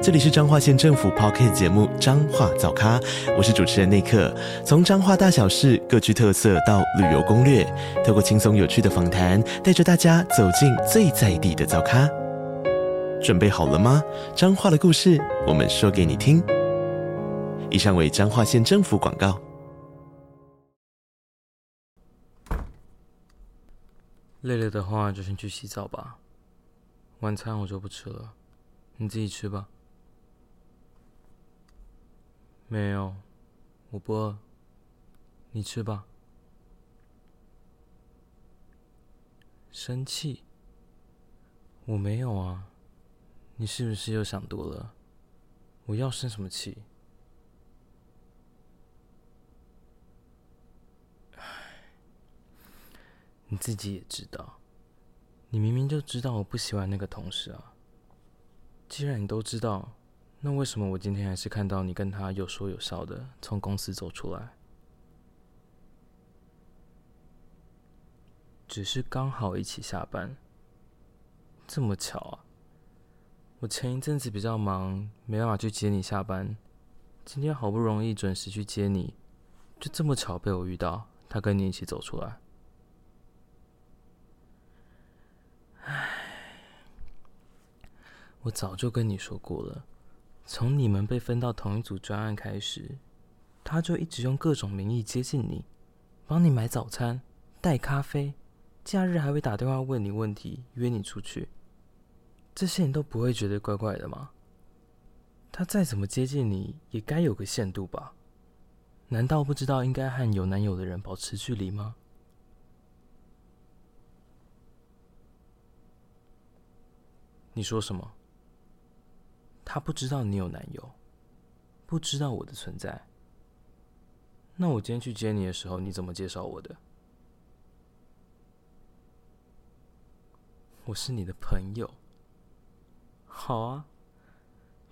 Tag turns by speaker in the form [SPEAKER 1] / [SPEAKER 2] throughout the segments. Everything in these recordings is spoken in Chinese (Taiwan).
[SPEAKER 1] 這裡是彰化縣政府 Podcast 節目《彰化早咖》，我是主持人內克。從彰化大小事各具特色到旅遊攻略，透過輕鬆有趣的訪談，帶着大家走進最在地的早咖。準備好了嗎？彰化的故事，我們說給你聽。以上為彰化縣政府廣告。累了的話，就先去洗澡吧。晚餐我就不吃了，你自己吃吧。沒有，我不餓。你吃吧。生氣？我沒有啊。你是不是又想多了？我要生什麼氣？唉，你自己也知道，你明明就知道我不喜歡那個同事啊。既然你都知道。那為什麼我今天還是看到你跟他有說有笑的從公司走出來？只是剛好一起下班，這麼巧啊！我前一陣子比較忙，沒辦法去接你下班。今天好不容易準時去接你，就這麼巧被我遇到，他跟你一起走出來。唉，我早就跟你說過了。從你們被分到同一組專案開始，他就一直用各種名義接近你，幫你買早餐、帶咖啡，假日還會打電話問你問題、約你出去。這些你都不會覺得怪怪的嗎？他再怎麼接近你，也該有個限度吧？難道不知道應該和有男友的人保持距離嗎？你說什麼？他不知道你有男友，不知道我的存在。那我今天去接你的時候，你怎麼介紹我的？我是你的朋友。好啊，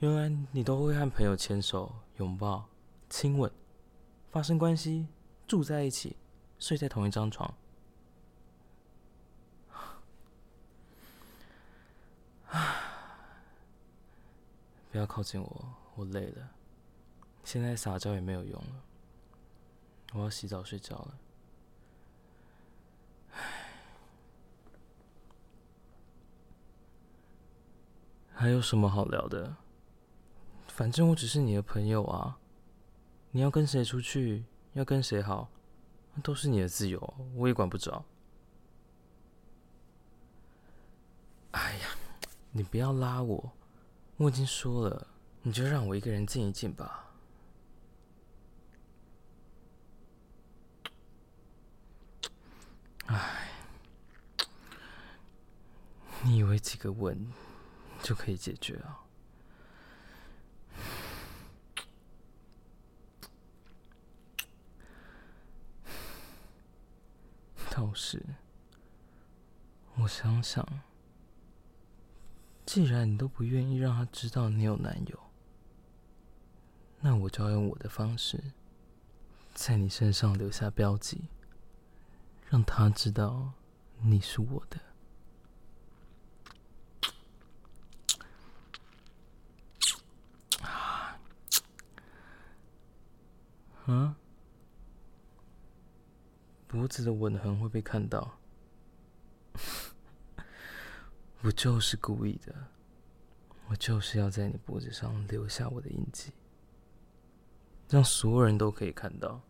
[SPEAKER 1] 原來你都會和朋友牽手、擁抱、親吻、發生關係、住在一起、睡在同一張床。不要靠近我，我累了。現在撒嬌也沒有用了，我要洗澡睡覺了。唉，還有什麼好聊的？反正我只是你的朋友啊。你要跟誰出去，要跟誰好，都是你的自由，我也管不着。哎呀，你不要拉我。我已經說了，你就讓我一個人靜一靜吧。唉，你以為幾個吻就可以解決啊？倒是，我想想。既然你都不願意讓他知道你有男友，那我就要用我的方式，在你身上留下標記，讓他知道你是我的。啊？嗯？ 脖子的吻痕會被看到。我就是故意的，我就是要在你脖子上留下我的印記，讓所有人都可以看到，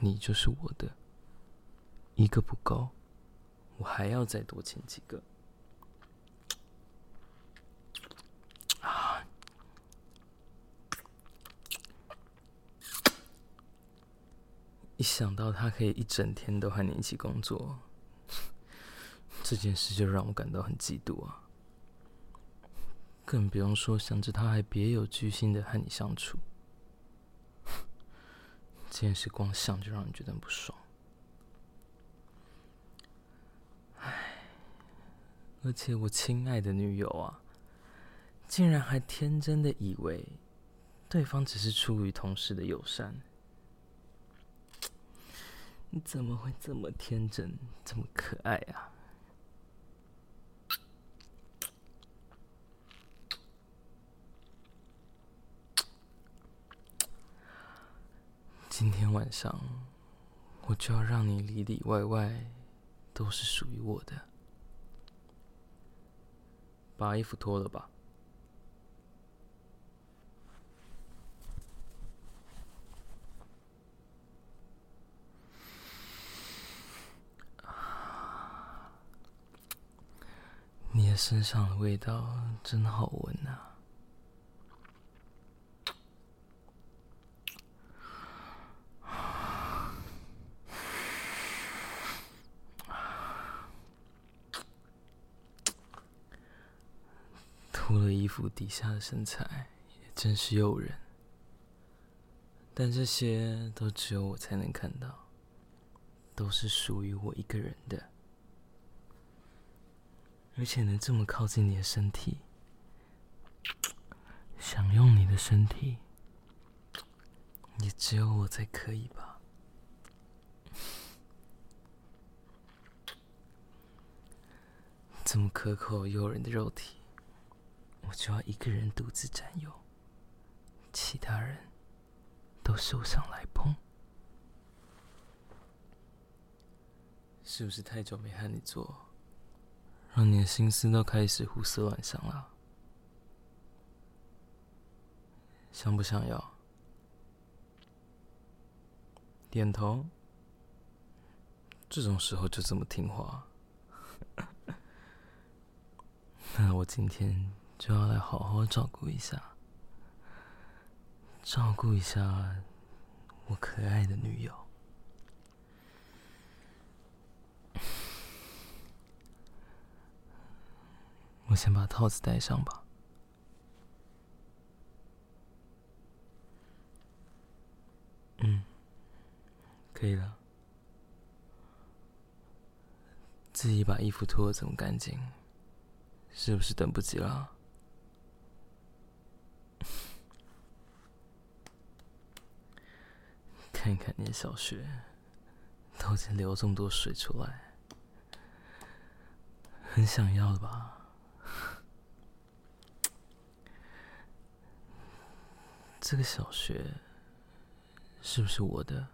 [SPEAKER 1] 你就是我的。一個不夠，我還要再多親幾個。一想到他可以一整天都和你一起工作。這件事就讓我感到很嫉妒啊！更不用說想着他還別有居心的和你相處，這件事光想就讓你覺得很不爽。唉，而且我親愛的女友啊，竟然還天真的以為對方只是出於同事的友善，你怎麼會這麼天真，這麼可愛啊？今天晚上，我就要讓你裡裡外外都是屬於我的。把衣服脫了吧。你的身上的味道真好聞啊！脫了衣服底下的身材，也真是誘人。但這些都只有我才能看到，都是屬於我一個人的。而且能這麼靠近你的身體，想用你的身體，也只有我才可以吧？這麼可口誘人的肉體。我就要一個人獨自佔有，其他人都休想來碰，是不是太久沒和你做，讓你的心思都開始胡思亂想了？想不想要？點頭。這種時候就這麼聽話。那我今天。就要來好好照顧一下，照顧一下我可愛的女友。我先把套子戴上吧。嗯，可以了。自己把衣服脫的這麼乾淨，是不是等不及了啊？看一看你的小穴，都已經流這麼多水出來，很想要的吧？ 這個小穴，是不是我的？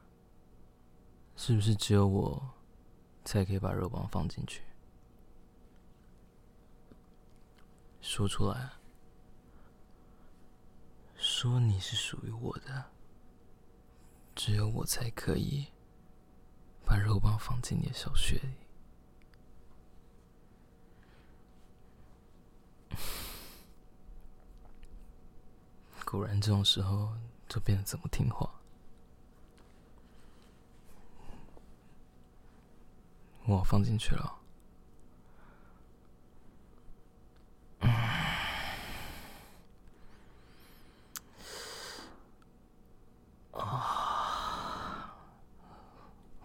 [SPEAKER 1] 是不是只有我才可以把肉棒放進去？說出來，說你是屬於我的。只有我才可以把肉棒放進你的小穴裡。果然，這種時候就變得這麼聽話。我放進去了。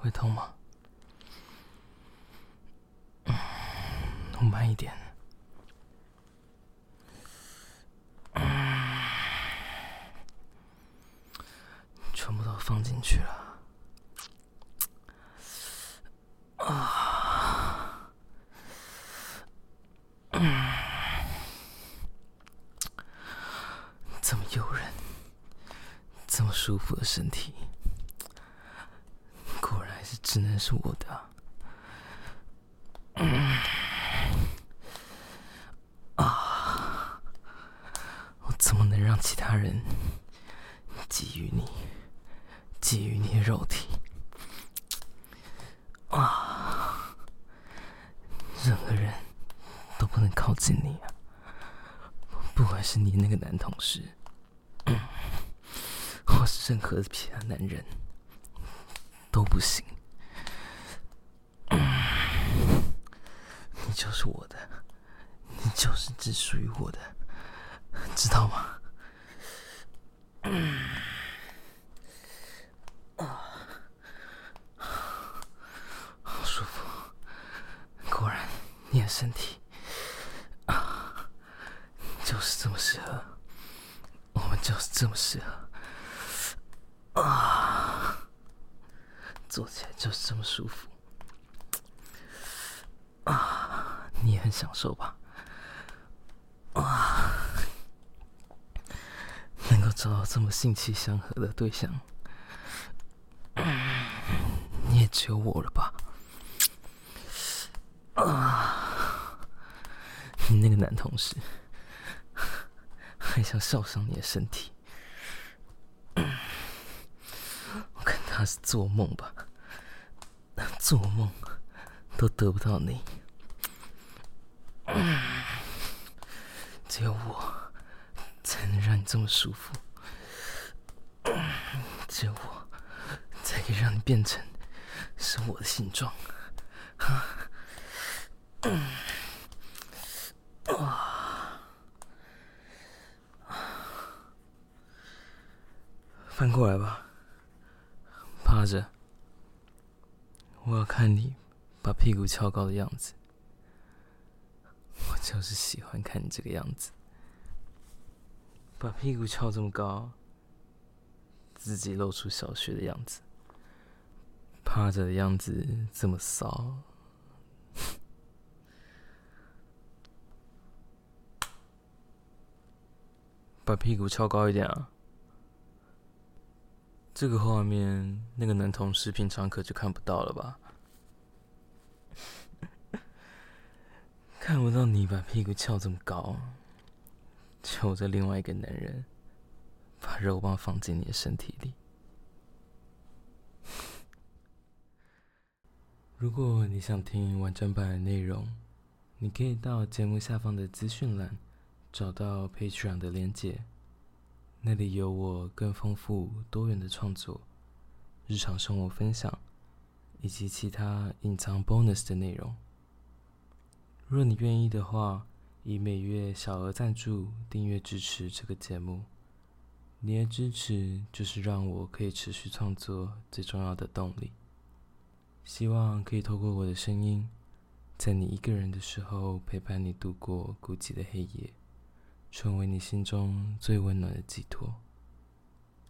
[SPEAKER 1] 會痛嗎？我、嗯、慢一點、嗯，全部都放進去了。啊、嗯，這麼誘人，這麼舒服的身體。只能是我的啊、嗯。啊！我怎麼能讓其他人覬覦你，覬覦你的肉體？啊！任何人都不能靠近你啊！不管是你那個男同事，或是任何其他男人，都不行。就是我的，你就是只屬於我的，知道嗎？啊，好舒服！果然你的身體，啊，就是這麼適合，我們就是這麼適合啊，坐起來就是這麼舒服。你也很享受吧？啊，能夠找到這麼性器相合的對象，嗯，你也只有我了吧？啊，你那個男同事還想笑傷你的身體，嗯？我看他是做夢吧，做夢都得不到你。嗯。只有我才能讓你這麼舒服，只有我才可以讓你變成是我的形狀。啊，嗯，哇！翻過來吧，趴着，我要看你把屁股翹高的樣子。就是喜歡看你這個樣子，把屁股翹這麼高，自己露出小穴的樣子，趴着的樣子這麼騷，把屁股翹高一點啊！這個畫面，那個男同事平常可就看不到了吧？看不到你把屁股翹這麼高，啊，求著另外一個男人把肉棒放進你的身體裡。 如果你想聽完整版的內容，你可以到節目下方的資訊欄找到 Patreon 上的鏈接，那裡有我更豐富多元的創作、日常生活分享以及其他隱藏 Bonus 的內容。若你願意的話，以每月小額贊助訂閱支持這個節目，你的支持就是讓我可以持續創作最重要的動力。希望可以透過我的聲音，在你一個人的時候陪伴你度過孤寂的黑夜，成為你心中最溫暖的寄托。